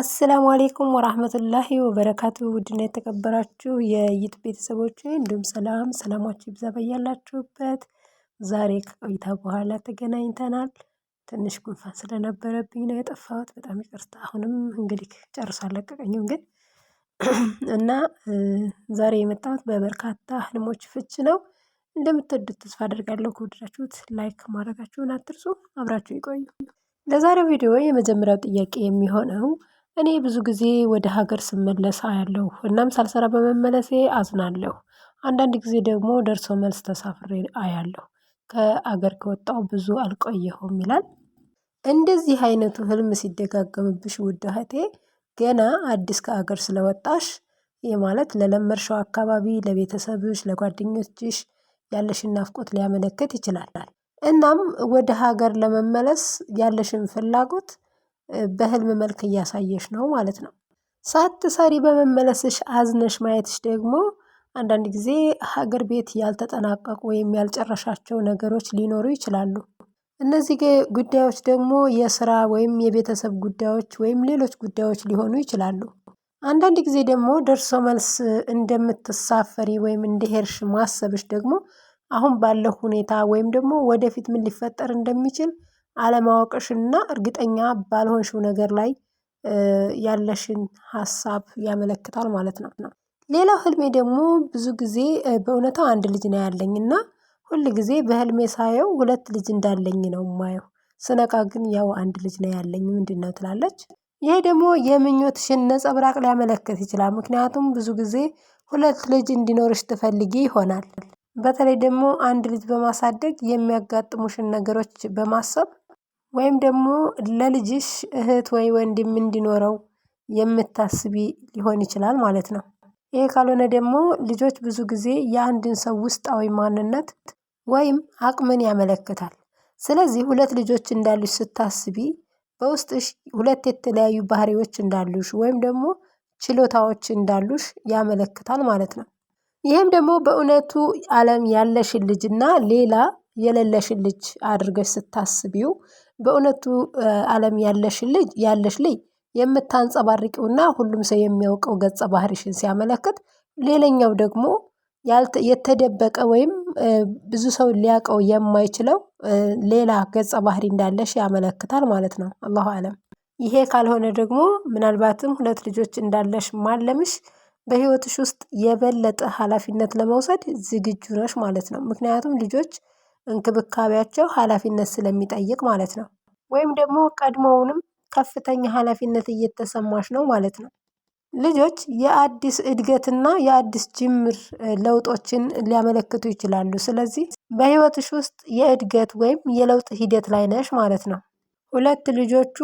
አሰላሙ አሌይኩም ወራህመቱላሂ ወበረካቱ። ውድና የተከበራችሁ የይት ቤተሰቦች እንዲሁም ሰላም ሰላማችሁ ይብዛ ባላችሁበት። ዛሬ ከቆይታ በኋላ ተገናኝተናል። ትንሽ ጉንፋን ስለነበረብኝ ነው የጠፋሁት፣ በጣም ይቅርታ። አሁንም እንግዲህ ጨርሶ አለቀቀኝም ግን እና ዛሬ የመጣሁት በበርካታ ህልሞች ፍች ነው። እንደምትወዱት ተስፋ አድርጋለሁ። ከወደዳችሁት ላይክ ማድረጋችሁን አትርሱ። አብራችሁ ይቆዩ። ለዛሬው ቪዲዮ የመጀመሪያው ጥያቄ የሚሆነው እኔ ብዙ ጊዜ ወደ ሀገር ስመለስ አያለሁ እናም ሳልሰራ በመመለሴ አዝናለሁ። አንዳንድ ጊዜ ደግሞ ደርሶ መልስ ተሳፍሬ አያለሁ። ከአገር ከወጣው ብዙ አልቆየሁም ይላል። እንደዚህ አይነቱ ህልም ሲደጋገምብሽ ውድ እህቴ ገና አዲስ ከሀገር ስለወጣሽ ይህ ማለት ለለመድሽው አካባቢ ለቤተሰብሽ ለጓደኞችሽ ያለሽን ናፍቆት ሊያመለክት ይችላል። እናም ወደ ሀገር ለመመለስ ያለሽን ፍላጎት በህልም መልክ እያሳየሽ ነው ማለት ነው። ሳትሰሪ በመመለስሽ አዝነሽ ማየትሽ ደግሞ አንዳንድ ጊዜ ሀገር ቤት ያልተጠናቀቁ ወይም ያልጨረሻቸው ነገሮች ሊኖሩ ይችላሉ። እነዚህ ጉዳዮች ደግሞ የስራ ወይም የቤተሰብ ጉዳዮች ወይም ሌሎች ጉዳዮች ሊሆኑ ይችላሉ። አንዳንድ ጊዜ ደግሞ ደርሶ መልስ እንደምትሳፈሪ ወይም እንደሄድሽ ማሰብሽ ደግሞ አሁን ባለው ሁኔታ ወይም ደግሞ ወደፊት ምን ሊፈጠር እንደሚችል አለማወቅሽና እርግጠኛ ባልሆንሽው ነገር ላይ ያለሽን ሀሳብ ያመለክታል ማለት ነው። ሌላው ህልሜ ደግሞ ብዙ ጊዜ በእውነታ አንድ ልጅ ነው ያለኝ እና ሁል ጊዜ በህልሜ ሳየው ሁለት ልጅ እንዳለኝ ነው ማየው። ስነቃ ግን ያው አንድ ልጅ ነው ያለኝ ምንድን ነው ትላለች? ይሄ ደግሞ የምኞትሽን ነጸብራቅ ሊያመለክት ይችላል። ምክንያቱም ብዙ ጊዜ ሁለት ልጅ እንዲኖርሽ ትፈልጊ ይሆናል። በተለይ ደግሞ አንድ ልጅ በማሳደግ የሚያጋጥሙሽን ነገሮች በማሰብ ወይም ደግሞ ለልጅሽ እህት ወይ ወንድም እንዲኖረው የምታስቢ ሊሆን ይችላል ማለት ነው። ይሄ ካልሆነ ደግሞ ልጆች ብዙ ጊዜ የአንድን ሰው ውስጣዊ ማንነት ወይም አቅምን ያመለክታል። ስለዚህ ሁለት ልጆች እንዳሉሽ ስታስቢ በውስጥሽ ሁለት የተለያዩ ባህሪዎች እንዳሉሽ ወይም ደግሞ ችሎታዎች እንዳሉሽ ያመለክታል ማለት ነው። ይህም ደግሞ በእውነቱ አለም ያለሽን ልጅና ሌላ የሌለሽን ልጅ አድርገሽ ስታስቢው በእውነቱ አለም ያለሽ ልጅ ያለሽ ልጅ የምታንጸባርቂውና ሁሉም ሰው የሚያውቀው ገጸ ባህሪሽን ሲያመለክት፣ ሌላኛው ደግሞ የተደበቀ ወይም ብዙ ሰው ሊያውቀው የማይችለው ሌላ ገጸ ባህሪ እንዳለሽ ያመለክታል ማለት ነው። አላሁ አለም። ይሄ ካልሆነ ደግሞ ምናልባትም ሁለት ልጆች እንዳለሽ ማለምሽ በህይወትሽ ውስጥ የበለጠ ኃላፊነት ለመውሰድ ዝግጁ ነሽ ማለት ነው። ምክንያቱም ልጆች እንክብካቤያቸው ሀላፊነት ስለሚጠይቅ ማለት ነው። ወይም ደግሞ ቀድሞውንም ከፍተኛ ሀላፊነት እየተሰማሽ ነው ማለት ነው። ልጆች የአዲስ እድገትና የአዲስ ጅምር ለውጦችን ሊያመለክቱ ይችላሉ። ስለዚህ በህይወትሽ ውስጥ የእድገት ወይም የለውጥ ሂደት ላይ ነሽ ማለት ነው። ሁለት ልጆቹ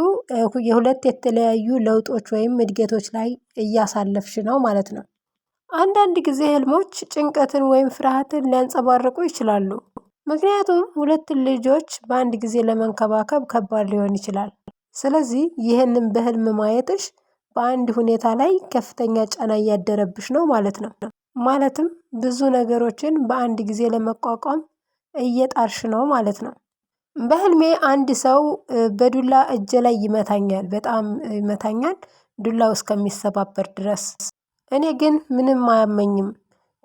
የሁለት የተለያዩ ለውጦች ወይም እድገቶች ላይ እያሳለፍሽ ነው ማለት ነው። አንዳንድ ጊዜ ህልሞች ጭንቀትን ወይም ፍርሃትን ሊያንጸባርቁ ይችላሉ። ምክንያቱም ሁለትን ልጆች በአንድ ጊዜ ለመንከባከብ ከባድ ሊሆን ይችላል። ስለዚህ ይህንን በህልም ማየትሽ በአንድ ሁኔታ ላይ ከፍተኛ ጫና እያደረብሽ ነው ማለት ነው። ማለትም ብዙ ነገሮችን በአንድ ጊዜ ለመቋቋም እየጣርሽ ነው ማለት ነው። በህልሜ አንድ ሰው በዱላ እጄ ላይ ይመታኛል፣ በጣም ይመታኛል፣ ዱላው እስከሚሰባበር ድረስ። እኔ ግን ምንም አያመኝም።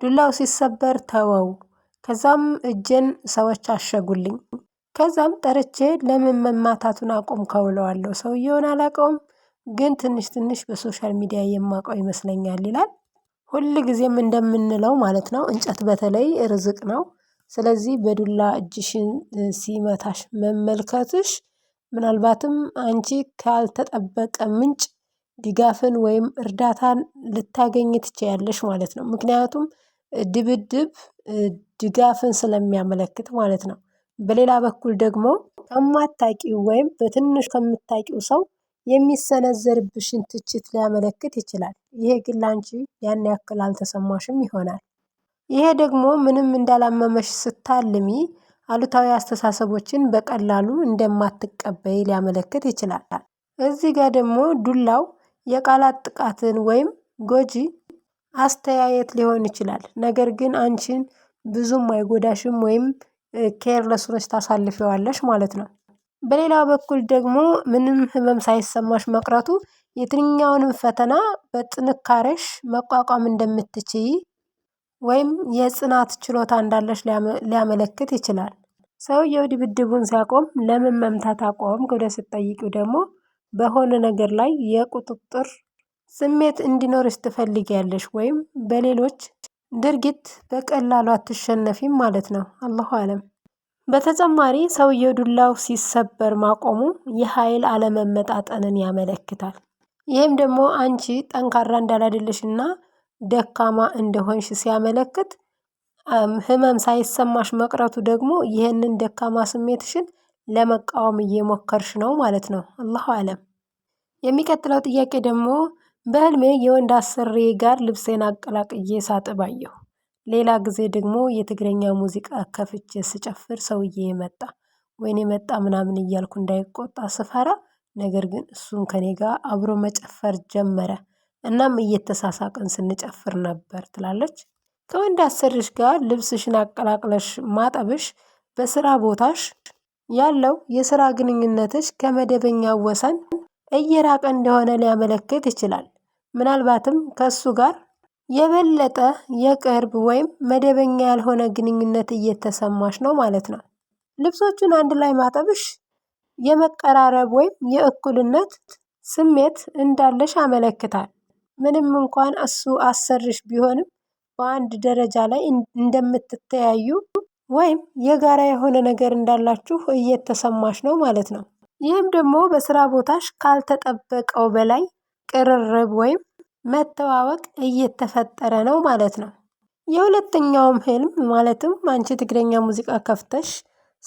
ዱላው ሲሰበር ተወው ከዛም እጄን ሰዎች አሸጉልኝ። ከዛም ጠርቼ ለምን መማታቱን አቁም ከውለዋለሁ። ሰውየውን አላውቀውም፣ ግን ትንሽ ትንሽ በሶሻል ሚዲያ የማውቀው ይመስለኛል ይላል። ሁል ጊዜም እንደምንለው ማለት ነው እንጨት በተለይ ርዝቅ ነው። ስለዚህ በዱላ እጅሽን ሲመታሽ መመልከትሽ ምናልባትም አንቺ ካልተጠበቀ ምንጭ ድጋፍን ወይም እርዳታን ልታገኝ ትችያለሽ ማለት ነው። ምክንያቱም ድብድብ ድጋፍን ስለሚያመለክት ማለት ነው። በሌላ በኩል ደግሞ ከማታቂ ወይም በትንሹ ከምታቂው ሰው የሚሰነዘርብሽን ትችት ሊያመለክት ይችላል። ይሄ ግን ላንቺ ያን ያክል አልተሰማሽም ይሆናል። ይሄ ደግሞ ምንም እንዳላመመሽ ስታልሚ አሉታዊ አስተሳሰቦችን በቀላሉ እንደማትቀበይ ሊያመለክት ይችላል። እዚህ ጋር ደግሞ ዱላው የቃላት ጥቃትን ወይም ጎጂ አስተያየት ሊሆን ይችላል። ነገር ግን አንቺን ብዙም አይጎዳሽም ወይም ኬርለስ ሆነሽ ታሳልፊዋለሽ ማለት ነው። በሌላ በኩል ደግሞ ምንም ህመም ሳይሰማሽ መቅረቱ የትኛውንም ፈተና በጥንካሬሽ መቋቋም እንደምትችይ ወይም የጽናት ችሎታ እንዳለሽ ሊያመለክት ይችላል። ሰውየው ድብድቡን ሲያቆም ለምን መምታት አቆምክ ብለህ ስትጠይቂው ደግሞ በሆነ ነገር ላይ የቁጥጥር ስሜት እንዲኖርሽ ትፈልጊያለሽ ወይም በሌሎች ድርጊት በቀላሉ አትሸነፊም ማለት ነው። አላሁ አለም። በተጨማሪ ሰውየው ዱላው ሲሰበር ማቆሙ የኃይል አለመመጣጠንን ያመለክታል። ይህም ደግሞ አንቺ ጠንካራ እና ደካማ እንደሆንሽ ሲያመለክት፣ ህመም ሳይሰማሽ መቅረቱ ደግሞ ይህንን ደካማ ስሜትሽን ለመቃወም እየሞከርሽ ነው ማለት ነው። አላሁ አለም። የሚቀጥለው ጥያቄ ደግሞ በህልሜ የወንድ አሰሪ ጋር ልብሴን አቀላቅዬ ሳጥብ አየሁ። ሌላ ጊዜ ደግሞ የትግረኛ ሙዚቃ ከፍቼ ስጨፍር ሰውዬ መጣ ወይኔ መጣ ምናምን እያልኩ እንዳይቆጣ ስፈራ ነገር ግን እሱም ከኔ ጋር አብሮ መጨፈር ጀመረ። እናም እየተሳሳቅን ስንጨፍር ነበር ትላለች። ከወንድ አሰሪሽ ጋር ልብስሽን አቀላቅለሽ ማጠብሽ በስራ ቦታሽ ያለው የስራ ግንኙነትሽ ከመደበኛ ወሰን እየራቀ እንደሆነ ሊያመለክት ይችላል። ምናልባትም ከእሱ ጋር የበለጠ የቅርብ ወይም መደበኛ ያልሆነ ግንኙነት እየተሰማሽ ነው ማለት ነው። ልብሶቹን አንድ ላይ ማጠብሽ የመቀራረብ ወይም የእኩልነት ስሜት እንዳለሽ ያመለክታል። ምንም እንኳን እሱ አሰርሽ ቢሆንም በአንድ ደረጃ ላይ እንደምትተያዩ ወይም የጋራ የሆነ ነገር እንዳላችሁ እየተሰማሽ ነው ማለት ነው። ይህም ደግሞ በስራ ቦታሽ ካልተጠበቀው በላይ ቅርርብ ወይም መተዋወቅ እየተፈጠረ ነው ማለት ነው። የሁለተኛውም ህልም ማለትም አንቺ ትግረኛ ሙዚቃ ከፍተሽ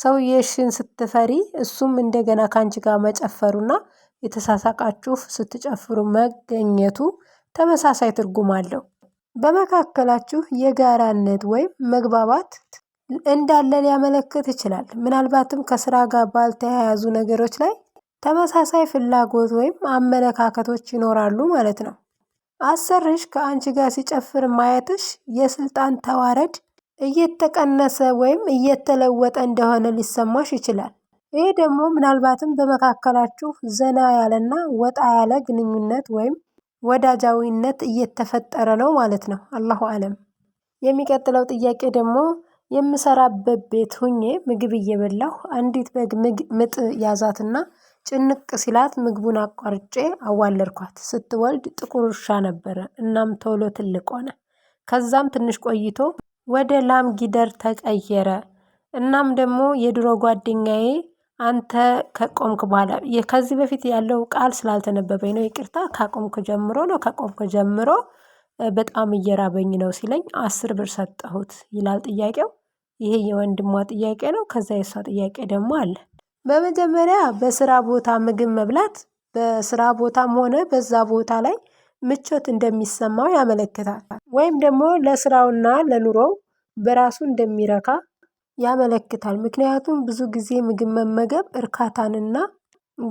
ሰውየሽን ስትፈሪ እሱም እንደገና ከአንቺ ጋር መጨፈሩና የተሳሳቃችሁ ስትጨፍሩ መገኘቱ ተመሳሳይ ትርጉም አለው። በመካከላችሁ የጋራነት ወይም መግባባት እንዳለ ሊያመለክት ይችላል። ምናልባትም ከስራ ጋር ባልተያያዙ ነገሮች ላይ ተመሳሳይ ፍላጎት ወይም አመለካከቶች ይኖራሉ ማለት ነው። አሰርሽ ከአንቺ ጋር ሲጨፍር ማየትሽ የስልጣን ተዋረድ እየተቀነሰ ወይም እየተለወጠ እንደሆነ ሊሰማሽ ይችላል። ይሄ ደግሞ ምናልባትም በመካከላችሁ ዘና ያለና ወጣ ያለ ግንኙነት ወይም ወዳጃዊነት እየተፈጠረ ነው ማለት ነው። አላሁ አለም። የሚቀጥለው ጥያቄ ደግሞ የምሰራበት ቤት ሆኜ ምግብ እየበላሁ አንዲት በግ ምጥ ያዛትና ጭንቅ ሲላት ምግቡን አቋርጬ አዋለድኳት ስትወልድ ጥቁር ውሻ ነበረ እናም ቶሎ ትልቅ ሆነ ከዛም ትንሽ ቆይቶ ወደ ላም ጊደር ተቀየረ እናም ደግሞ የድሮ ጓደኛዬ አንተ ከቆምክ በኋላ ከዚህ በፊት ያለው ቃል ስላልተነበበኝ ነው ይቅርታ ካቆምክ ጀምሮ ነው ከቆምክ ጀምሮ በጣም እየራበኝ ነው ሲለኝ አስር ብር ሰጠሁት ይላል ጥያቄው ይሄ የወንድሟ ጥያቄ ነው። ከዛ የእሷ ጥያቄ ደግሞ አለ። በመጀመሪያ በስራ ቦታ ምግብ መብላት በስራ ቦታም ሆነ በዛ ቦታ ላይ ምቾት እንደሚሰማው ያመለክታል። ወይም ደግሞ ለስራውና ለኑሮው በራሱ እንደሚረካ ያመለክታል። ምክንያቱም ብዙ ጊዜ ምግብ መመገብ እርካታንና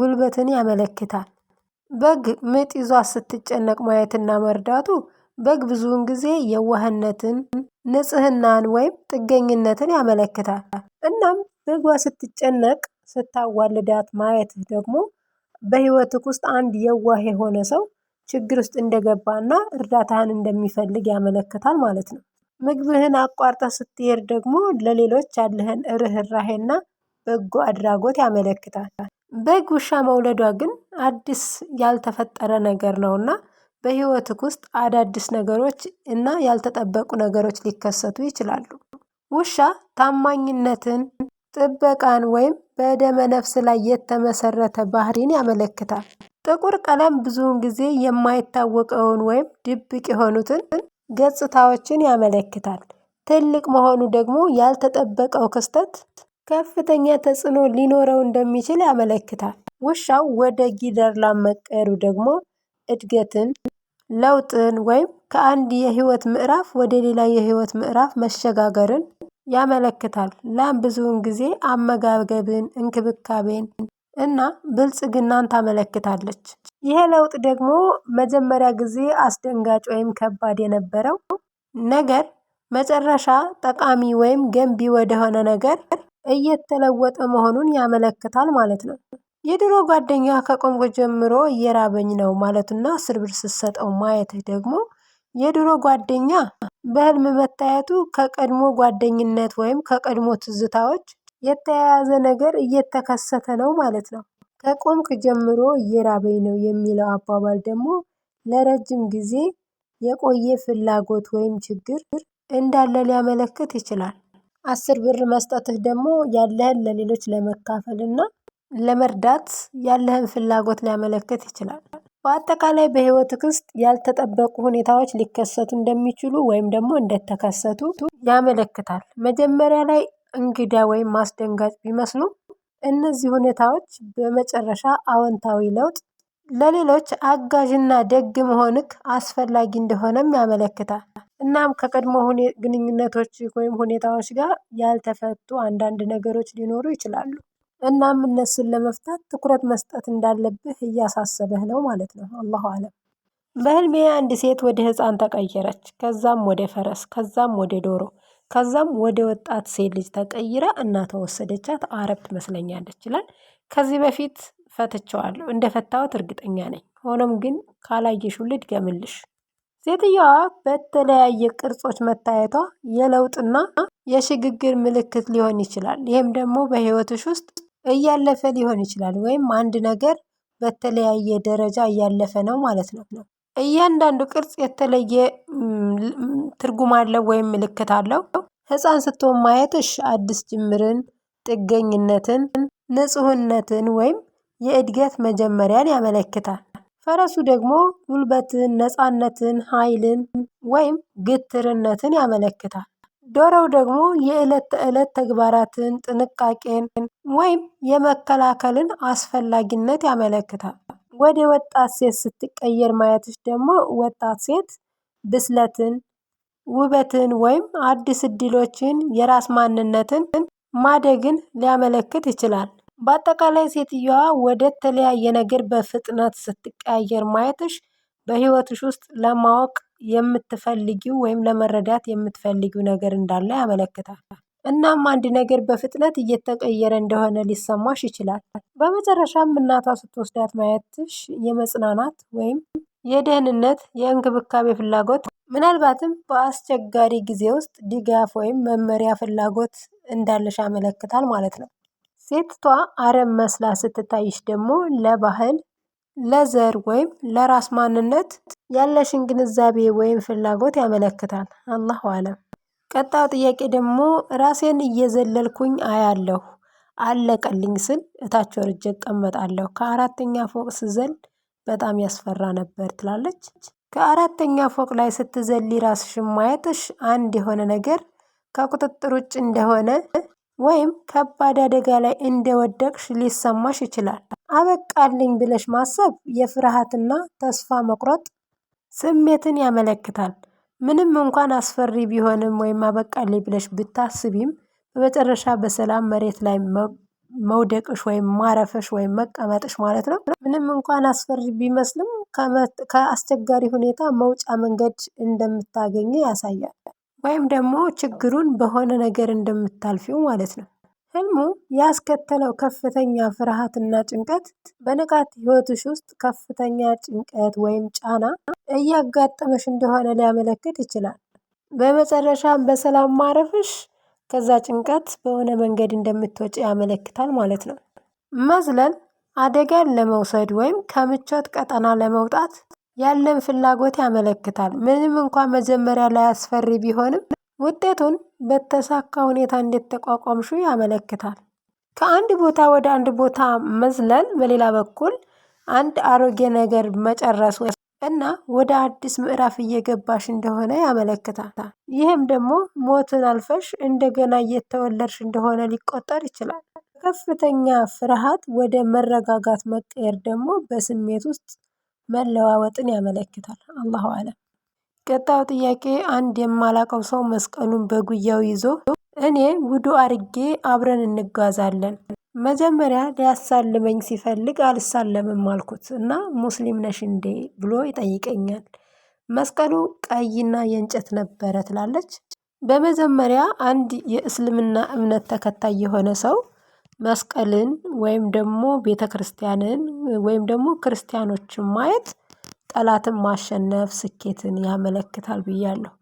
ጉልበትን ያመለክታል። በግ ምጥ ይዟት ስትጨነቅ ማየትና መርዳቱ በግ ብዙውን ጊዜ የዋህነትን፣ ንጽህናን ወይም ጥገኝነትን ያመለክታል። እናም በጓ ስትጨነቅ ስታዋልዳት ማየትህ ደግሞ በህይወትህ ውስጥ አንድ የዋህ የሆነ ሰው ችግር ውስጥ እንደገባና እርዳታህን እንደሚፈልግ ያመለክታል ማለት ነው። ምግብህን አቋርጠህ ስትሄድ ደግሞ ለሌሎች ያለህን እርህራሄና በጎ አድራጎት ያመለክታል። በግ ውሻ መውለዷ ግን አዲስ ያልተፈጠረ ነገር ነውና በህይወትህ ውስጥ አዳዲስ ነገሮች እና ያልተጠበቁ ነገሮች ሊከሰቱ ይችላሉ። ውሻ ታማኝነትን፣ ጥበቃን ወይም በደመ ነፍስ ላይ የተመሰረተ ባህሪን ያመለክታል። ጥቁር ቀለም ብዙውን ጊዜ የማይታወቀውን ወይም ድብቅ የሆኑትን ገጽታዎችን ያመለክታል። ትልቅ መሆኑ ደግሞ ያልተጠበቀው ክስተት ከፍተኛ ተጽዕኖ ሊኖረው እንደሚችል ያመለክታል። ውሻው ወደ ጊደር መቀየሩ ደግሞ እድገትን፣ ለውጥን ወይም ከአንድ የህይወት ምዕራፍ ወደ ሌላ የህይወት ምዕራፍ መሸጋገርን ያመለክታል። ላም ብዙውን ጊዜ አመጋገብን፣ እንክብካቤን እና ብልጽግናን ታመለክታለች። ይሄ ለውጥ ደግሞ መጀመሪያ ጊዜ አስደንጋጭ ወይም ከባድ የነበረው ነገር መጨረሻ ጠቃሚ ወይም ገንቢ ወደሆነ ነገር እየተለወጠ መሆኑን ያመለክታል ማለት ነው። የድሮ ጓደኛ ከቆንጆ ጀምሮ እየራበኝ ነው ማለቱና አስር ብር ስትሰጠው ማየት ደግሞ የድሮ ጓደኛ በህልም መታየቱ ከቀድሞ ጓደኝነት ወይም ከቀድሞ ትዝታዎች የተያያዘ ነገር እየተከሰተ ነው ማለት ነው። ከቆምክ ጀምሮ እየራበኝ ነው የሚለው አባባል ደግሞ ለረጅም ጊዜ የቆየ ፍላጎት ወይም ችግር እንዳለ ሊያመለክት ይችላል። አስር ብር መስጠትህ ደግሞ ያለህን ለሌሎች ለመካፈል እና ለመርዳት ያለህን ፍላጎት ሊያመለክት ይችላል። በአጠቃላይ በህይወት ውስጥ ያልተጠበቁ ሁኔታዎች ሊከሰቱ እንደሚችሉ ወይም ደግሞ እንደተከሰቱ ያመለክታል። መጀመሪያ ላይ እንግዳ ወይም አስደንጋጭ ቢመስሉም፣ እነዚህ ሁኔታዎች በመጨረሻ አዎንታዊ ለውጥ፣ ለሌሎች አጋዥና ደግ መሆንክ አስፈላጊ እንደሆነም ያመለክታል። እናም ከቀድሞ ግንኙነቶች ወይም ሁኔታዎች ጋር ያልተፈቱ አንዳንድ ነገሮች ሊኖሩ ይችላሉ። እናም እነሱን ለመፍታት ትኩረት መስጠት እንዳለብህ እያሳሰበህ ነው ማለት ነው። አላሁ አለም። በህልሜ አንድ ሴት ወደ ህፃን ተቀየረች። ከዛም ወደ ፈረስ፣ ከዛም ወደ ዶሮ፣ ከዛም ወደ ወጣት ሴት ልጅ ተቀይራ እናቷ ወሰደቻት። አረብ ትመስለኛለች ይላል። ከዚህ በፊት ፈትቸዋለሁ እንደፈታሁት እርግጠኛ ነኝ። ሆኖም ግን ካላየሽው ልድገምልሽ። ሴትየዋ በተለያየ ቅርጾች መታየቷ የለውጥና የሽግግር ምልክት ሊሆን ይችላል። ይህም ደግሞ በህይወትሽ ውስጥ እያለፈ ሊሆን ይችላል ወይም አንድ ነገር በተለያየ ደረጃ እያለፈ ነው ማለት ነው። እያንዳንዱ ቅርጽ የተለየ ትርጉም አለው ወይም ምልክት አለው። ህፃን ስትሆን ማየት እሺ አዲስ ጅምርን ጥገኝነትን ንጹህነትን ወይም የእድገት መጀመሪያን ያመለክታል። ፈረሱ ደግሞ ጉልበትን ነፃነትን፣ ኃይልን ወይም ግትርነትን ያመለክታል ዶሮው ደግሞ የዕለት ተዕለት ተግባራትን፣ ጥንቃቄን ወይም የመከላከልን አስፈላጊነት ያመለክታል። ወደ ወጣት ሴት ስትቀየር ማየትሽ ደግሞ ወጣት ሴት ብስለትን፣ ውበትን ወይም አዲስ እድሎችን፣ የራስ ማንነትን፣ ማደግን ሊያመለክት ይችላል። በአጠቃላይ ሴትየዋ ወደ ተለያየ ነገር በፍጥነት ስትቀያየር ማየትሽ በህይወትሽ ውስጥ ለማወቅ የምትፈልጊው ወይም ለመረዳት የምትፈልጊው ነገር እንዳለ ያመለክታል። እናም አንድ ነገር በፍጥነት እየተቀየረ እንደሆነ ሊሰማሽ ይችላል። በመጨረሻም እናቷ ስትወስዳት ማየትሽ የመጽናናት ወይም የደህንነት የእንክብካቤ ፍላጎት ምናልባትም በአስቸጋሪ ጊዜ ውስጥ ድጋፍ ወይም መመሪያ ፍላጎት እንዳለሽ ያመለክታል ማለት ነው። ሴትቷ አረም መስላ ስትታይሽ ደግሞ ለባህል ለዘር ወይም ለራስ ማንነት ያለሽን ግንዛቤ ወይም ፍላጎት ያመለክታል። አላሁ አለም። ቀጣው ጥያቄ ደግሞ ራሴን እየዘለልኩኝ አያለሁ አለቀልኝ ስል እታች ወርጄ እቀመጣለሁ። ከአራተኛ ፎቅ ስዘል በጣም ያስፈራ ነበር ትላለች። ከአራተኛ ፎቅ ላይ ስትዘሊ ራስሽን ማየትሽ አንድ የሆነ ነገር ከቁጥጥር ውጭ እንደሆነ ወይም ከባድ አደጋ ላይ እንደወደቅሽ ሊሰማሽ ይችላል። አበቃልኝ ብለሽ ማሰብ የፍርሃትና ተስፋ መቁረጥ ስሜትን ያመለክታል። ምንም እንኳን አስፈሪ ቢሆንም ወይም አበቃልኝ ብለሽ ብታስቢም በመጨረሻ በሰላም መሬት ላይ መውደቅሽ ወይም ማረፈሽ ወይም መቀመጥሽ ማለት ነው። ምንም እንኳን አስፈሪ ቢመስልም ከአስቸጋሪ ሁኔታ መውጫ መንገድ እንደምታገኝ ያሳያል። ወይም ደግሞ ችግሩን በሆነ ነገር እንደምታልፊው ማለት ነው ህልሙ ያስከተለው ከፍተኛ ፍርሃትና ጭንቀት በንቃት ህይወትሽ ውስጥ ከፍተኛ ጭንቀት ወይም ጫና እያጋጠመሽ እንደሆነ ሊያመለክት ይችላል። በመጨረሻም በሰላም ማረፍሽ ከዛ ጭንቀት በሆነ መንገድ እንደምትወጪ ያመለክታል ማለት ነው። መዝለል አደጋን ለመውሰድ ወይም ከምቾት ቀጠና ለመውጣት ያለን ፍላጎት ያመለክታል። ምንም እንኳን መጀመሪያ ላይ አስፈሪ ቢሆንም ውጤቱን በተሳካ ሁኔታ እንዴት ተቋቋምሹ ያመለክታል። ከአንድ ቦታ ወደ አንድ ቦታ መዝለል በሌላ በኩል አንድ አሮጌ ነገር መጨረስ እና ወደ አዲስ ምዕራፍ እየገባሽ እንደሆነ ያመለክታል። ይህም ደግሞ ሞትን አልፈሽ እንደገና እየተወለድሽ እንደሆነ ሊቆጠር ይችላል። ከፍተኛ ፍርሃት ወደ መረጋጋት መቀየር ደግሞ በስሜት ውስጥ መለዋወጥን ያመለክታል። አላሁ አለም ቀጣው ጥያቄ አንድ የማላቀው ሰው መስቀሉን በጉያው ይዞ እኔ ውዱ አርጌ አብረን እንጓዛለን። መጀመሪያ ሊያሳልመኝ ሲፈልግ አልሳለምም አልኩት እና ሙስሊም ነሽ እንዴ ብሎ ይጠይቀኛል። መስቀሉ ቀይና የእንጨት ነበረ ትላለች። በመጀመሪያ አንድ የእስልምና እምነት ተከታይ የሆነ ሰው መስቀልን ወይም ደግሞ ቤተ ክርስቲያንን ወይም ደግሞ ክርስቲያኖችን ማየት ጠላትን ማሸነፍ ስኬትን ያመለክታል ብያለሁ።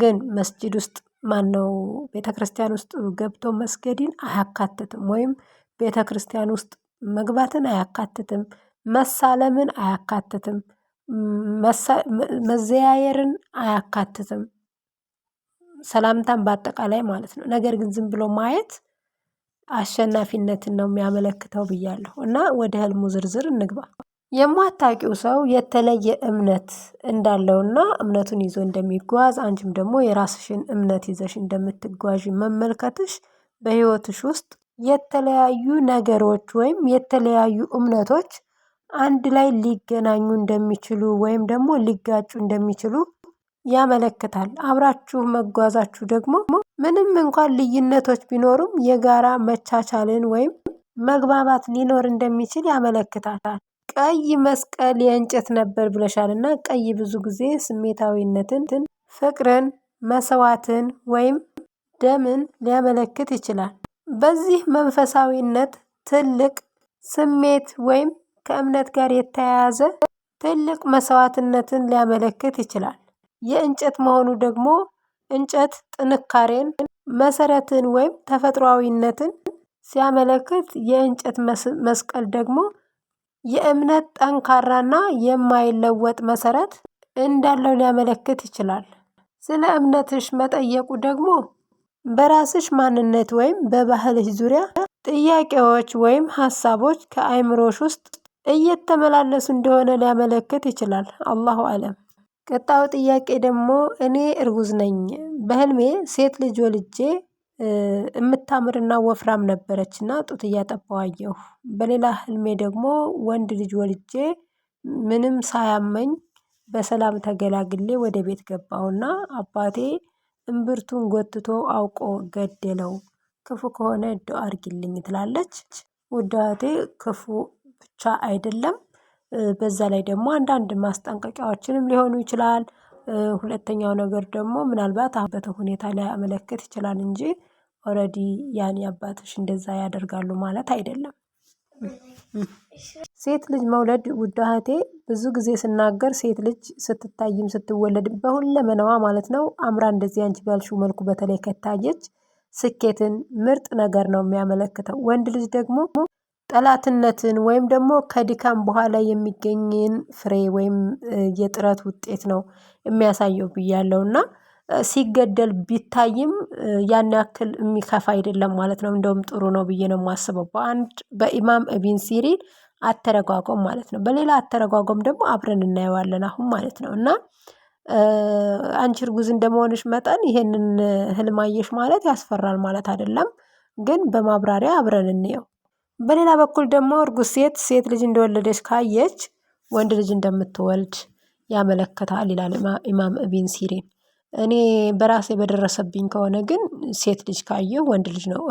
ግን መስጂድ ውስጥ ማነው ቤተ ክርስቲያን ውስጥ ገብቶ መስገድን አያካትትም ወይም ቤተ ክርስቲያን ውስጥ መግባትን አያካትትም መሳለምን አያካትትም መዘያየርን አያካትትም። ሰላምታን በአጠቃላይ ማለት ነው ነገር ግን ዝም ብሎ ማየት አሸናፊነትን ነው የሚያመለክተው ብያለሁ። እና ወደ ህልሙ ዝርዝር እንግባ የማታውቂው ሰው የተለየ እምነት እንዳለውና እምነቱን ይዞ እንደሚጓዝ አንቺም ደግሞ የራስሽን እምነት ይዘሽ እንደምትጓዥ መመልከትሽ በህይወትሽ ውስጥ የተለያዩ ነገሮች ወይም የተለያዩ እምነቶች አንድ ላይ ሊገናኙ እንደሚችሉ ወይም ደግሞ ሊጋጩ እንደሚችሉ ያመለክታል። አብራችሁ መጓዛችሁ ደግሞ ምንም እንኳን ልዩነቶች ቢኖሩም የጋራ መቻቻልን ወይም መግባባት ሊኖር እንደሚችል ያመለክታል። ቀይ መስቀል የእንጨት ነበር ብለሻል እና ቀይ ብዙ ጊዜ ስሜታዊነትን፣ ፍቅርን፣ መስዋዕትን ወይም ደምን ሊያመለክት ይችላል። በዚህ መንፈሳዊነት ትልቅ ስሜት ወይም ከእምነት ጋር የተያያዘ ትልቅ መስዋዕትነትን ሊያመለክት ይችላል። የእንጨት መሆኑ ደግሞ እንጨት ጥንካሬን፣ መሰረትን ወይም ተፈጥሯዊነትን ሲያመለክት የእንጨት መስቀል ደግሞ የእምነት ጠንካራና የማይለወጥ መሰረት እንዳለው ሊያመለክት ይችላል። ስለ እምነትሽ መጠየቁ ደግሞ በራስሽ ማንነት ወይም በባህልሽ ዙሪያ ጥያቄዎች ወይም ሀሳቦች ከአይምሮሽ ውስጥ እየተመላለሱ እንደሆነ ሊያመለክት ይችላል። አላሁ አለም። ቀጣዩ ጥያቄ ደግሞ እኔ እርጉዝ ነኝ፣ በህልሜ ሴት ልጅ ወልጄ የምታምርና ወፍራም ነበረች እና ጡት እያጠባዋየሁ አየሁ። በሌላ ህልሜ ደግሞ ወንድ ልጅ ወልጄ ምንም ሳያመኝ በሰላም ተገላግሌ ወደ ቤት ገባሁና አባቴ እምብርቱን ጎትቶ አውቆ ገደለው። ክፉ ከሆነ እዶ አርግልኝ ትላለች። ውዳቴ ክፉ ብቻ አይደለም በዛ ላይ ደግሞ አንዳንድ ማስጠንቀቂያዎችንም ሊሆኑ ይችላል። ሁለተኛው ነገር ደግሞ ምናልባት አሁን ሁኔታ ሊያመለክት ይችላል እንጂ ኦልሬዲ ያኔ አባትሽ እንደዛ ያደርጋሉ ማለት አይደለም። ሴት ልጅ መውለድ ውዳሃቴ ብዙ ጊዜ ስናገር ሴት ልጅ ስትታይም ስትወለድ በሁለመናዋ ማለት ነው አምራ እንደዚህ አንቺ ባልሽው መልኩ በተለይ ከታየች ስኬትን ምርጥ ነገር ነው የሚያመለክተው። ወንድ ልጅ ደግሞ ጠላትነትን ወይም ደግሞ ከድካም በኋላ የሚገኝን ፍሬ ወይም የጥረት ውጤት ነው የሚያሳየው ብያለሁ እና ሲገደል ቢታይም ያን ያክል የሚከፋ አይደለም ማለት ነው። እንደውም ጥሩ ነው ብዬ ነው የማስበው በአንድ በኢማም ኢብን ሲሪን አተረጓጎም ማለት ነው። በሌላ አተረጓጎም ደግሞ አብረን እናየዋለን አሁን ማለት ነው። እና አንቺ እርጉዝ እንደመሆንሽ መጠን ይሄንን ህልም አየሽ ማለት ያስፈራል ማለት አይደለም። ግን በማብራሪያ አብረን እንየው። በሌላ በኩል ደግሞ እርጉዝ ሴት ሴት ልጅ እንደወለደች ካየች ወንድ ልጅ እንደምትወልድ ያመለክታል ይላል ኢማም ኢብን ሲሪን እኔ በራሴ በደረሰብኝ ከሆነ ግን ሴት ልጅ ካየ ወንድ ልጅ ነው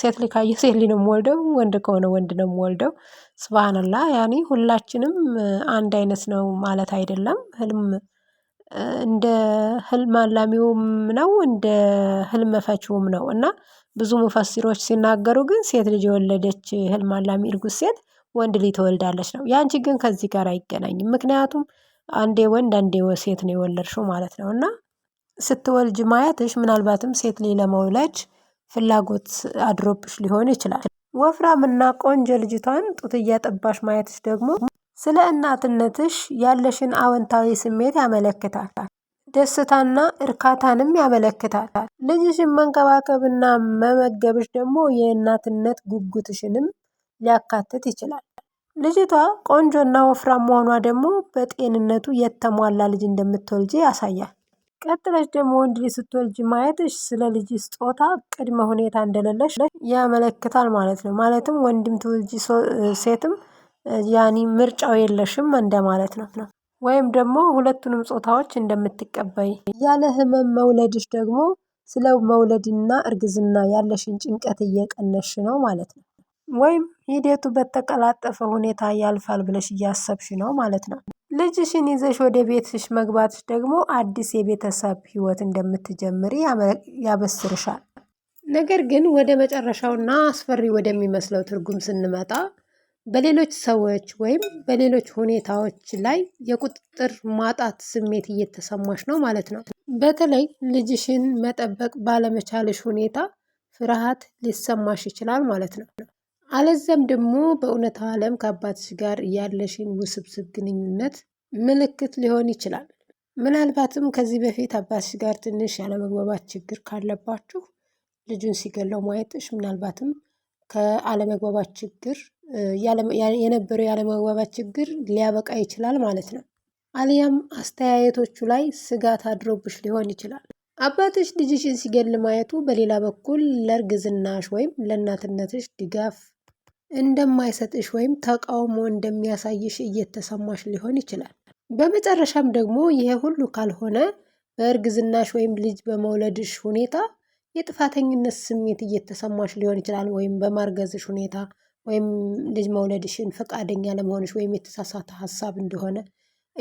ሴት ልጅ ካየሁ ሴት ልጅ ነው የምወልደው ወንድ ከሆነ ወንድ ነው የምወልደው። ስብሃነላህ ያኔ ሁላችንም አንድ አይነት ነው ማለት አይደለም ህልም እንደ ህልም አላሚውም ነው እንደ ህልም ፈቺውም ነው እና ብዙ ሙፈሲሮች ሲናገሩ ግን ሴት ልጅ የወለደች ህልም አላሚ እርጉዝ ሴት ወንድ ልጅ ትወልዳለች ነው ያንቺ ግን ከዚህ ጋር አይገናኝም ምክንያቱም አንዴ ወንድ አንዴ ሴት ነው የወለድሽው ማለት ነው። እና ስትወልጅ ማየትሽ ምናልባትም ሴት ልጅ ለመውለድ ፍላጎት አድሮብሽ ሊሆን ይችላል። ወፍራምና ቆንጆ ልጅቷን ጡት እያጠባሽ ማየትሽ ደግሞ ስለ እናትነትሽ ያለሽን አወንታዊ ስሜት ያመለክታል። ደስታና እርካታንም ያመለክታል። ልጅሽን መንከባከብና መመገብሽ ደግሞ የእናትነት ጉጉትሽንም ሊያካትት ይችላል። ልጅቷ ቆንጆና ወፍራም መሆኗ ደግሞ በጤንነቱ የተሟላ ልጅ እንደምትወልጅ ያሳያል። ቀጥለች ደግሞ ወንድ ልጅ ስትወልጅ ማየትሽ ስለ ልጅ ስጦታ ቅድመ ሁኔታ እንደሌለሽ ያመለክታል ማለት ነው። ማለትም ወንድም ትውልጅ ሴትም ያኒ ምርጫው የለሽም እንደማለት ነው። ወይም ደግሞ ሁለቱንም ጾታዎች እንደምትቀበይ ያለ ህመም መውለድሽ ደግሞ ስለ መውለድና እርግዝና ያለሽን ጭንቀት እየቀነሽ ነው ማለት ነው። ወይም ሂደቱ በተቀላጠፈ ሁኔታ ያልፋል ብለሽ እያሰብሽ ነው ማለት ነው። ልጅሽን ይዘሽ ወደ ቤትሽ መግባትሽ ደግሞ አዲስ የቤተሰብ ህይወት እንደምትጀምሪ ያበስርሻል። ነገር ግን ወደ መጨረሻውና አስፈሪ ወደሚመስለው ትርጉም ስንመጣ በሌሎች ሰዎች ወይም በሌሎች ሁኔታዎች ላይ የቁጥጥር ማጣት ስሜት እየተሰማሽ ነው ማለት ነው። በተለይ ልጅሽን መጠበቅ ባለመቻልሽ ሁኔታ ፍርሃት ሊሰማሽ ይችላል ማለት ነው። አለዚያም ደግሞ በእውነት ዓለም ከአባትሽ ጋር ያለሽን ውስብስብ ግንኙነት ምልክት ሊሆን ይችላል። ምናልባትም ከዚህ በፊት አባትሽ ጋር ትንሽ ያለመግባባት ችግር ካለባችሁ ልጁን ሲገለው ማየትሽ ምናልባትም ከአለመግባባት ችግር የነበረው የአለመግባባት ችግር ሊያበቃ ይችላል ማለት ነው። አሊያም አስተያየቶቹ ላይ ስጋት አድሮብሽ ሊሆን ይችላል። አባትሽ ልጅሽን ሲገል ማየቱ በሌላ በኩል ለእርግዝናሽ ወይም ለእናትነትሽ ድጋፍ እንደማይሰጥሽ ወይም ተቃውሞ እንደሚያሳይሽ እየተሰማሽ ሊሆን ይችላል። በመጨረሻም ደግሞ ይሄ ሁሉ ካልሆነ በእርግዝናሽ ወይም ልጅ በመውለድሽ ሁኔታ የጥፋተኝነት ስሜት እየተሰማሽ ሊሆን ይችላል። ወይም በማርገዝሽ ሁኔታ ወይም ልጅ መውለድሽን ፈቃደኛ ለመሆንሽ ወይም የተሳሳተ ሀሳብ እንደሆነ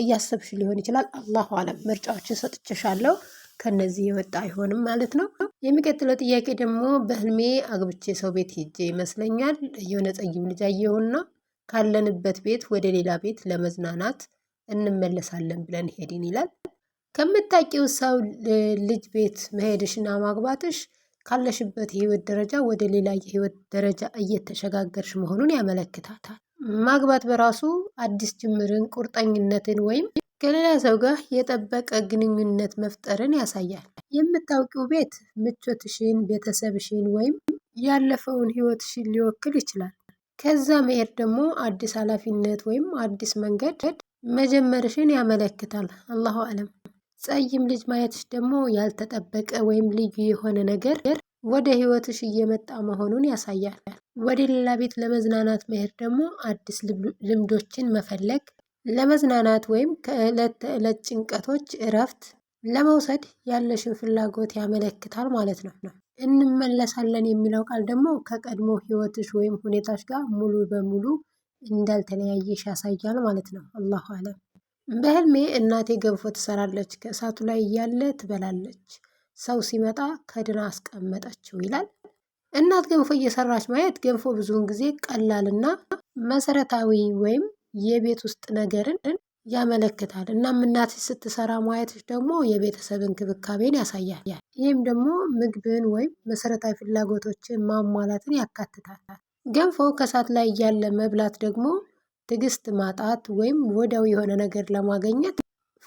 እያሰብሽ ሊሆን ይችላል። አላሁ አለም ምርጫዎችን ሰጥቼሻለሁ። ከነዚህ የወጣ አይሆንም ማለት ነው። የሚቀጥለው ጥያቄ ደግሞ በህልሜ አግብቼ ሰው ቤት ሄጄ ይመስለኛል የሆነ ጸይም ልጅ አየሁና ካለንበት ቤት ወደ ሌላ ቤት ለመዝናናት እንመለሳለን ብለን ሄድን ይላል። ከምታውቂው ሰው ልጅ ቤት መሄድሽና ማግባትሽ ካለሽበት የህይወት ደረጃ ወደ ሌላ የህይወት ደረጃ እየተሸጋገርሽ መሆኑን ያመለክታታል። ማግባት በራሱ አዲስ ጅምርን፣ ቁርጠኝነትን ወይም ከሌላ ሰው ጋር የጠበቀ ግንኙነት መፍጠርን ያሳያል። የምታውቂው ቤት ምቾትሽን፣ ቤተሰብሽን ወይም ያለፈውን ህይወትሽን ሊወክል ይችላል። ከዛ መሄድ ደግሞ አዲስ ኃላፊነት ወይም አዲስ መንገድ መጀመርሽን ያመለክታል። አላሁ አለም። ጸይም ልጅ ማየትሽ ደግሞ ያልተጠበቀ ወይም ልዩ የሆነ ነገር ወደ ህይወትሽ እየመጣ መሆኑን ያሳያል። ወደ ሌላ ቤት ለመዝናናት መሄድ ደግሞ አዲስ ልምዶችን መፈለግ፣ ለመዝናናት ወይም ከዕለት ተዕለት ጭንቀቶች እረፍት ለመውሰድ ያለሽን ፍላጎት ያመለክታል ማለት ነው ነው እንመለሳለን የሚለው ቃል ደግሞ ከቀድሞ ህይወትሽ ወይም ሁኔታሽ ጋር ሙሉ በሙሉ እንዳልተለያየሽ ያሳያል ማለት ነው። አላሁ አለም። በህልሜ እናቴ ገንፎ ትሰራለች፣ ከእሳቱ ላይ እያለ ትበላለች። ሰው ሲመጣ ከድና አስቀመጠችው ይላል። እናት ገንፎ እየሰራች ማየት ገንፎ ብዙውን ጊዜ ቀላልና መሰረታዊ ወይም የቤት ውስጥ ነገርን ያመለክታል። እናም እናት ስትሰራ ማየትሽ ደግሞ የቤተሰብ እንክብካቤን ያሳያል። ይህም ደግሞ ምግብን ወይም መሰረታዊ ፍላጎቶችን ማሟላትን ያካትታል። ገንፎ ከእሳት ላይ እያለ መብላት ደግሞ ትዕግስት ማጣት ወይም ወዲያው የሆነ ነገር ለማገኘት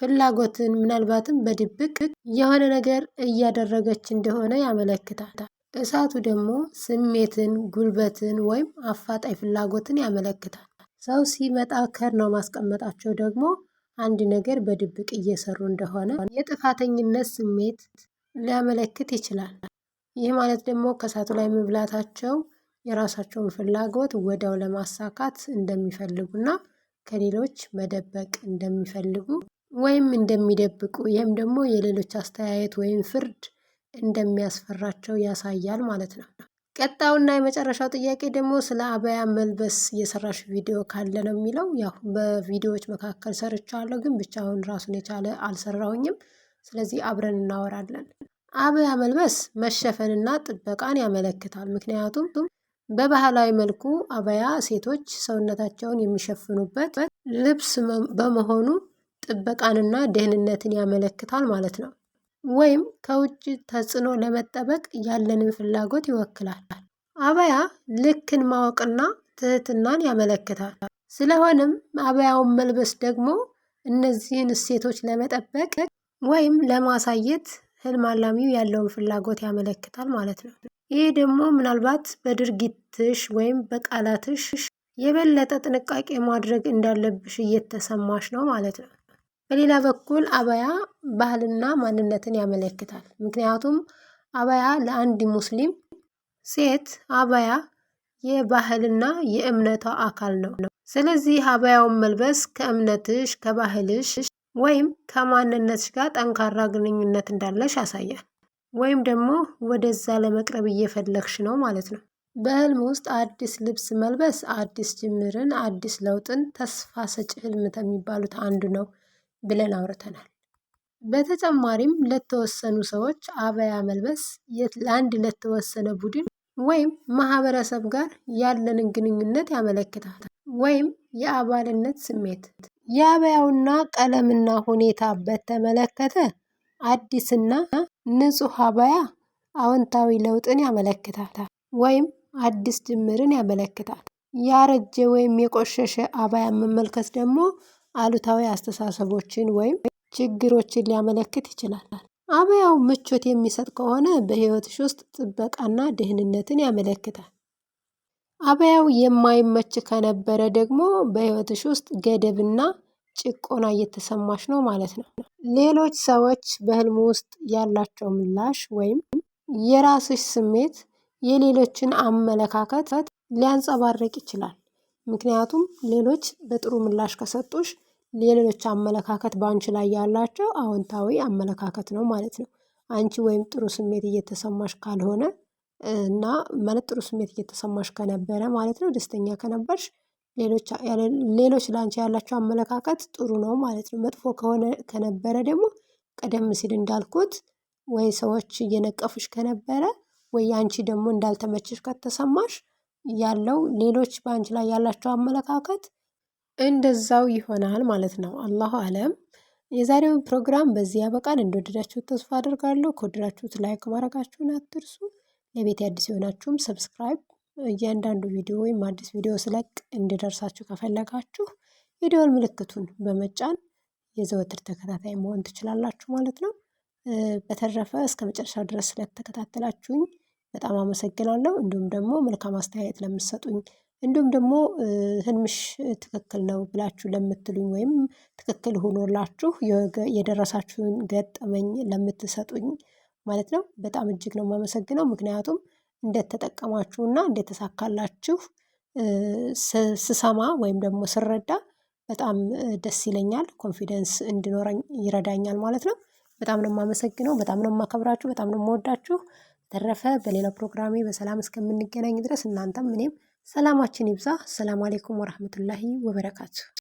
ፍላጎትን ምናልባትም በድብቅ የሆነ ነገር እያደረገች እንደሆነ ያመለክታል። እሳቱ ደግሞ ስሜትን፣ ጉልበትን ወይም አፋጣኝ ፍላጎትን ያመለክታል። ሰው ሲመጣ ከር ነው ማስቀመጣቸው ደግሞ አንድ ነገር በድብቅ እየሰሩ እንደሆነ የጥፋተኝነት ስሜት ሊያመለክት ይችላል። ይህ ማለት ደግሞ ከእሳቱ ላይ መብላታቸው የራሳቸውን ፍላጎት ወዲያው ለማሳካት እንደሚፈልጉና ከሌሎች መደበቅ እንደሚፈልጉ ወይም እንደሚደብቁ ይህም ደግሞ የሌሎች አስተያየት ወይም ፍርድ እንደሚያስፈራቸው ያሳያል ማለት ነው። ቀጣውና የመጨረሻው ጥያቄ ደግሞ ስለ አበያ መልበስ የሰራሽ ቪዲዮ ካለ ነው የሚለው ያው በቪዲዮዎች መካከል ሰርቻለሁ ግን ብቻውን ራሱን የቻለ አልሰራውኝም ስለዚህ አብረን እናወራለን። አበያ መልበስ መሸፈንና ጥበቃን ያመለክታል። ምክንያቱም በባህላዊ መልኩ አበያ ሴቶች ሰውነታቸውን የሚሸፍኑበት ልብስ በመሆኑ ጥበቃንና ደህንነትን ያመለክታል ማለት ነው። ወይም ከውጭ ተጽዕኖ ለመጠበቅ ያለንን ፍላጎት ይወክላል። አበያ ልክን ማወቅና ትህትናን ያመለክታል። ስለሆነም አበያውን መልበስ ደግሞ እነዚህን እሴቶች ለመጠበቅ ወይም ለማሳየት ህልም አላሚው ያለውን ፍላጎት ያመለክታል ማለት ነው። ይሄ ደግሞ ምናልባት በድርጊትሽ ወይም በቃላትሽ የበለጠ ጥንቃቄ ማድረግ እንዳለብሽ እየተሰማሽ ነው ማለት ነው በሌላ በኩል አባያ ባህልና ማንነትን ያመለክታል። ምክንያቱም አባያ ለአንድ ሙስሊም ሴት አባያ የባህልና የእምነቷ አካል ነው ነው። ስለዚህ አባያውን መልበስ ከእምነትሽ ከባህልሽ ወይም ከማንነትሽ ጋር ጠንካራ ግንኙነት እንዳለሽ ያሳያል። ወይም ደግሞ ወደዛ ለመቅረብ እየፈለግሽ ነው ማለት ነው። በህልም ውስጥ አዲስ ልብስ መልበስ አዲስ ጅምርን፣ አዲስ ለውጥን፣ ተስፋ ሰጭ ህልም ከሚባሉት አንዱ ነው። ብለን አውርተናል። በተጨማሪም ለተወሰኑ ሰዎች አበያ መልበስ ለአንድ ለተወሰነ ቡድን ወይም ማህበረሰብ ጋር ያለንን ግንኙነት ያመለክታል ወይም የአባልነት ስሜት። የአበያውና ቀለምና ሁኔታ በተመለከተ አዲስና ንጹህ አበያ አዎንታዊ ለውጥን ያመለክታል ወይም አዲስ ጅምርን ያመለክታል። ያረጀ ወይም የቆሸሸ አባያ መመልከት ደግሞ አሉታዊ አስተሳሰቦችን ወይም ችግሮችን ሊያመለክት ይችላል። አበያው ምቾት የሚሰጥ ከሆነ በህይወትሽ ውስጥ ጥበቃና ደህንነትን ያመለክታል። አበያው የማይመች ከነበረ ደግሞ በህይወትሽ ውስጥ ገደብና ጭቆና እየተሰማሽ ነው ማለት ነው። ሌሎች ሰዎች በህልም ውስጥ ያላቸው ምላሽ ወይም የራስሽ ስሜት የሌሎችን አመለካከት ሊያንጸባርቅ ይችላል። ምክንያቱም ሌሎች በጥሩ ምላሽ ከሰጡሽ የሌሎች አመለካከት በአንቺ ላይ ያላቸው አዎንታዊ አመለካከት ነው ማለት ነው። አንቺ ወይም ጥሩ ስሜት እየተሰማሽ ካልሆነ እና ማለት ጥሩ ስሜት እየተሰማሽ ከነበረ ማለት ነው ደስተኛ ከነበርሽ ሌሎች ለአንቺ ያላቸው አመለካከት ጥሩ ነው ማለት ነው። መጥፎ ከሆነ ከነበረ ደግሞ ቀደም ሲል እንዳልኩት ወይ ሰዎች እየነቀፉሽ ከነበረ ወይ አንቺ ደግሞ እንዳልተመቸሽ ከተሰማሽ ያለው ሌሎች በአንቺ ላይ ያላቸው አመለካከት እንደዛው ይሆናል ማለት ነው። አላሁ አለም። የዛሬውን ፕሮግራም በዚህ ያበቃል። እንደወደዳችሁ ተስፋ አደርጋለሁ። ከወደዳችሁት ላይክ ማድረጋችሁን አትርሱ። ለቤት አዲስ የሆናችሁም ሰብስክራይብ፣ እያንዳንዱ ቪዲዮ ወይም አዲስ ቪዲዮ ስለቅ እንዲደርሳችሁ ከፈለጋችሁ የደወል ምልክቱን በመጫን የዘወትር ተከታታይ መሆን ትችላላችሁ ማለት ነው። በተረፈ እስከ መጨረሻ ድረስ ስለተከታተላችሁኝ በጣም አመሰግናለሁ እንዲሁም ደግሞ መልካም አስተያየት ለምትሰጡኝ እንዲሁም ደግሞ ህልምሽ ትክክል ነው ብላችሁ ለምትሉኝ ወይም ትክክል ሆኖላችሁ የደረሳችሁን ገጠመኝ ለምትሰጡኝ ማለት ነው በጣም እጅግ ነው የማመሰግነው ምክንያቱም እንደተጠቀማችሁና እንደተሳካላችሁ ስሰማ ወይም ደግሞ ስረዳ በጣም ደስ ይለኛል ኮንፊደንስ እንዲኖረኝ ይረዳኛል ማለት ነው። በጣም ነው የማመሰግነው በጣም ነው የማከብራችሁ በጣም ነው የምወዳችሁ በተረፈ በሌላው ፕሮግራሜ በሰላም እስከምንገናኝ ድረስ እናንተም እኔም ሰላማችን ይብዛ። ሰላም አሌይኩም ወራህመቱላሂ ወበረካቱ።